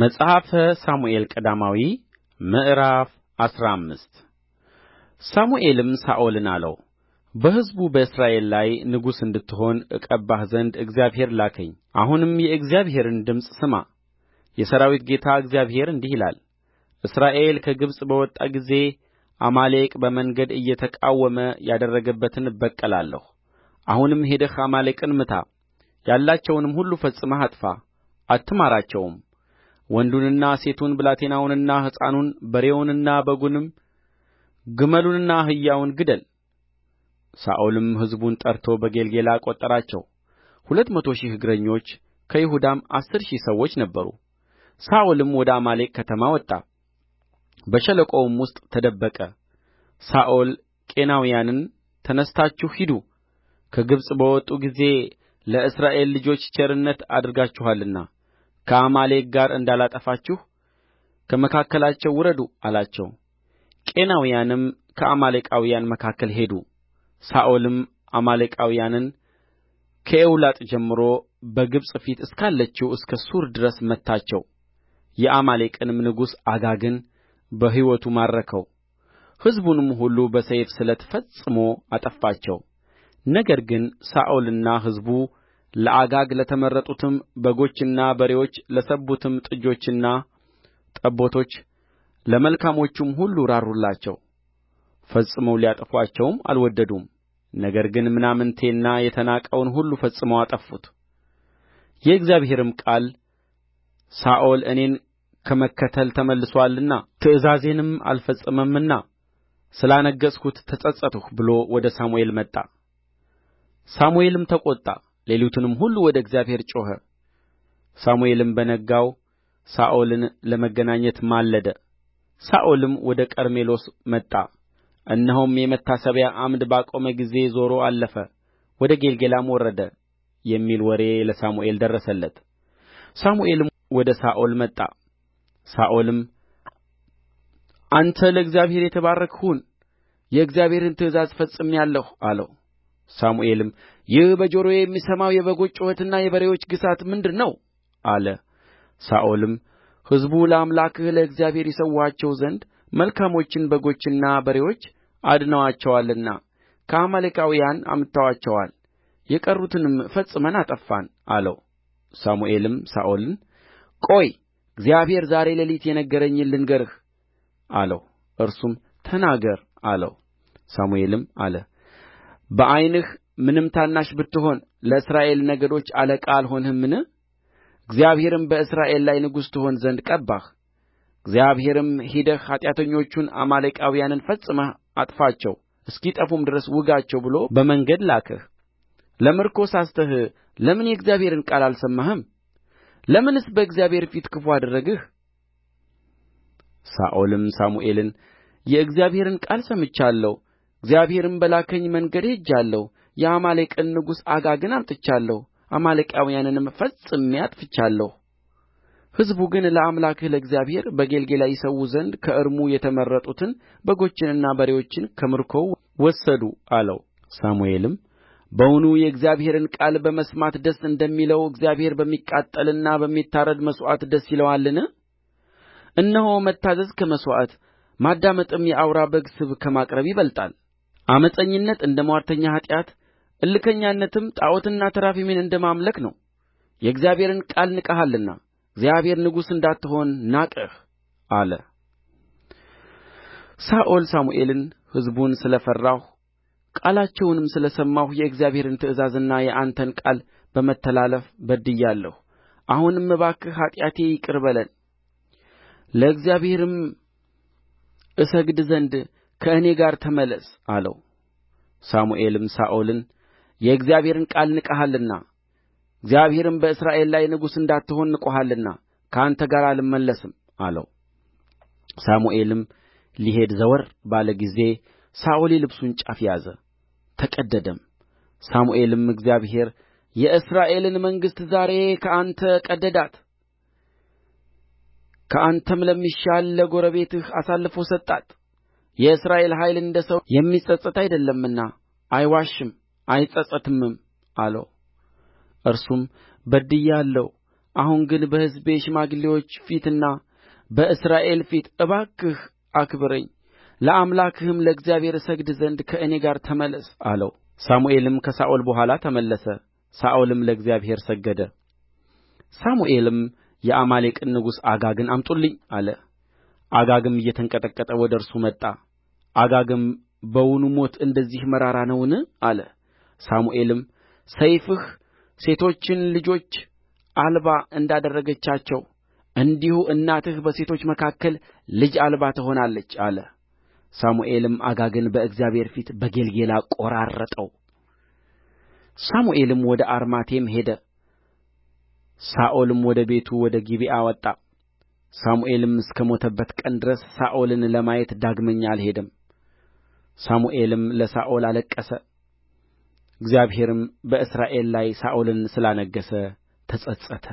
መጽሐፈ ሳሙኤል ቀዳማዊ ምዕራፍ አስራ አምስት ሳሙኤልም ሳኦልን አለው፣ በሕዝቡ በእስራኤል ላይ ንጉሥ እንድትሆን እቀባህ ዘንድ እግዚአብሔር ላከኝ። አሁንም የእግዚአብሔርን ድምፅ ስማ። የሠራዊት ጌታ እግዚአብሔር እንዲህ ይላል፣ እስራኤል ከግብፅ በወጣ ጊዜ አማሌቅ በመንገድ እየተቃወመ ያደረገበትን እበቀላለሁ። አሁንም ሄደህ አማሌቅን ምታ፣ ያላቸውንም ሁሉ ፈጽመህ አጥፋ፣ አትማራቸውም ወንዱንና ሴቱን ብላቴናውንና ሕፃኑን በሬውንና በጉንም ግመሉንና አህያውን ግደል ሳኦልም ሕዝቡን ጠርቶ በጌልገላ ቈጠራቸው ሁለት መቶ ሺህ እግረኞች ከይሁዳም አሥር ሺህ ሰዎች ነበሩ ሳኦልም ወደ አማሌቅ ከተማ ወጣ በሸለቆውም ውስጥ ተደበቀ ሳኦል ቄናውያንን ተነሥታችሁ ሂዱ ከግብጽ በወጡ ጊዜ ለእስራኤል ልጆች ቸርነት አድርጋችኋልና ከአማሌቅ ጋር እንዳላጠፋችሁ ከመካከላቸው ውረዱ አላቸው ቄናውያንም ከአማሌቃውያን መካከል ሄዱ ሳኦልም አማሌቃውያንን ከኤውላጥ ጀምሮ በግብጽ ፊት እስካለችው እስከ ሱር ድረስ መታቸው የአማሌቅንም ንጉሥ አጋግን በሕይወቱ ማረከው ሕዝቡንም ሁሉ በሰይፍ ስለት ፈጽሞ አጠፋቸው ነገር ግን ሳኦልና ሕዝቡ ለአጋግ ለተመረጡትም በጎችና በሬዎች ለሰቡትም ጥጆችና ጠቦቶች ለመልካሞቹም ሁሉ ራሩላቸው ፈጽመው ሊያጠፉአቸውም አልወደዱም ነገር ግን ምናምንቴንና የተናቀውን ሁሉ ፈጽመው አጠፉት የእግዚአብሔርም ቃል ሳኦል እኔን ከመከተል ተመልሶአልና ትእዛዜንም አልፈጸመምና ስላነገሥሁት ተጸጸትሁ ብሎ ወደ ሳሙኤል መጣ ሳሙኤልም ተቈጣ ሌሊቱንም ሁሉ ወደ እግዚአብሔር ጮኸ ሳሙኤልም በነጋው ሳኦልን ለመገናኘት ማለደ ሳኦልም ወደ ቀርሜሎስ መጣ እነሆም የመታሰቢያ ዓምድ ባቆመ ጊዜ ዞሮ አለፈ ወደ ጌልገላም ወረደ የሚል ወሬ ለሳሙኤል ደረሰለት ሳሙኤልም ወደ ሳኦል መጣ ሳኦልም አንተ ለእግዚአብሔር የተባረክህ ሁን የእግዚአብሔርን ትእዛዝ ፈጽሜአለሁ አለው ሳሙኤልም ይህ በጆሮዬ የምሰማው የበጎች ጩኸትና የበሬዎች ግሣት ምንድር ነው አለ ሳኦልም ሕዝቡ ለአምላክህ ለእግዚአብሔር ይሠዉአቸው ዘንድ መልካሞችን በጎችና በሬዎች አድነዋቸዋልና ከአማሌቃውያን አምጥተዋቸዋል የቀሩትንም ፈጽመን አጠፋን አለው ሳሙኤልም ሳኦልን ቆይ እግዚአብሔር ዛሬ ሌሊት የነገረኝን ልንገርህ አለው እርሱም ተናገር አለው ሳሙኤልም አለ በዓይንህ ምንም ታናሽ ብትሆን ለእስራኤል ነገዶች አለቃ አልሆንህምን እግዚአብሔርም በእስራኤል ላይ ንጉሥ ትሆን ዘንድ ቀባህ እግዚአብሔርም ሄደህ ኃጢአተኞቹን አማሌቃውያንን ፈጽመህ አጥፋቸው እስኪጠፉም ድረስ ውጋቸው ብሎ በመንገድ ላከህ ለምርኮ ሳስተህ ለምን የእግዚአብሔርን ቃል አልሰማህም ለምንስ በእግዚአብሔር ፊት ክፉ አደረግህ ሳኦልም ሳሙኤልን የእግዚአብሔርን ቃል ሰምቻለሁ እግዚአብሔርም በላከኝ መንገድ ሄጃለሁ የአማሌቅን ንጉሥ አጋግን አምጥቻለሁ አማሌቃውያንንም ፈጽሜ አጥፍቻለሁ ሕዝቡ ግን ለአምላክህ ለእግዚአብሔር በጌልገላ ይሠዉ ዘንድ ከእርሙ የተመረጡትን በጎችንና በሬዎችን ከምርኮው ወሰዱ አለው ሳሙኤልም በውኑ የእግዚአብሔርን ቃል በመስማት ደስ እንደሚለው እግዚአብሔር በሚቃጠልና በሚታረድ መሥዋዕት ደስ ይለዋልን እነሆ መታዘዝ ከመሥዋዕት ማዳመጥም የአውራ በግ ስብ ከማቅረብ ይበልጣል ዓመፀኝነት እንደ ምዋርተኛ ኃጢአት እልከኛነትም ጣዖትንና ተራፊምን እንደ ማምለክ ነው የእግዚአብሔርን ቃል ንቀሃልና እግዚአብሔር ንጉሥ እንዳትሆን ናቀህ አለ ሳኦል ሳሙኤልን ሕዝቡን ስለ ፈራሁ ቃላቸውንም ስለ ሰማሁ የእግዚአብሔርን ትእዛዝና የአንተን ቃል በመተላለፍ በድያለሁ አሁንም እባክህ ኃጢአቴ ይቅር በለኝ ለእግዚአብሔርም እሰግድ ዘንድ ከእኔ ጋር ተመለስ አለው ሳሙኤልም ሳኦልን የእግዚአብሔርን ቃል ንቀሃልና እግዚአብሔርም በእስራኤል ላይ ንጉሥ እንዳትሆን ንቆሃልና ከአንተ ጋር አልመለስም አለው ሳሙኤልም ሊሄድ ዘወር ባለ ጊዜ ሳኦል የልብሱን ጫፍ ያዘ ተቀደደም ሳሙኤልም እግዚአብሔር የእስራኤልን መንግሥት ዛሬ ከአንተ ቀደዳት ከአንተም ለሚሻል ለጎረቤትህ አሳልፎ ሰጣት የእስራኤል ኃይል እንደ ሰው የሚጸጸት አይደለምና አይዋሽም አይጸጸትምም አለው እርሱም በድያለሁ አሁን ግን በሕዝቤ ሽማግሌዎች ፊትና በእስራኤል ፊት እባክህ አክብረኝ ለአምላክህም ለእግዚአብሔር እሰግድ ዘንድ ከእኔ ጋር ተመለስ አለው ሳሙኤልም ከሳኦል በኋላ ተመለሰ ሳኦልም ለእግዚአብሔር ሰገደ ሳሙኤልም የአማሌቅን ንጉሥ አጋግን አምጡልኝ አለ አጋግም እየተንቀጠቀጠ ወደ እርሱ መጣ አጋግም በውኑ ሞት እንደዚህ መራራ ነውን አለ ሳሙኤልም ሰይፍህ ሴቶችን ልጆች አልባ እንዳደረገቻቸው እንዲሁ እናትህ በሴቶች መካከል ልጅ አልባ ትሆናለች አለ ሳሙኤልም አጋግን በእግዚአብሔር ፊት በጌልጌላ ቈራረጠው ሳሙኤልም ወደ አርማቴም ሄደ ሳኦልም ወደ ቤቱ ወደ ጊብዓ ወጣ ሳሙኤልም እስከ ሞተበት ቀን ድረስ ሳኦልን ለማየት ዳግመኛ አልሄደም ሳሙኤልም ለሳኦል አለቀሰ እግዚአብሔርም በእስራኤል ላይ ሳኦልን ስላነገሠ ተጸጸተ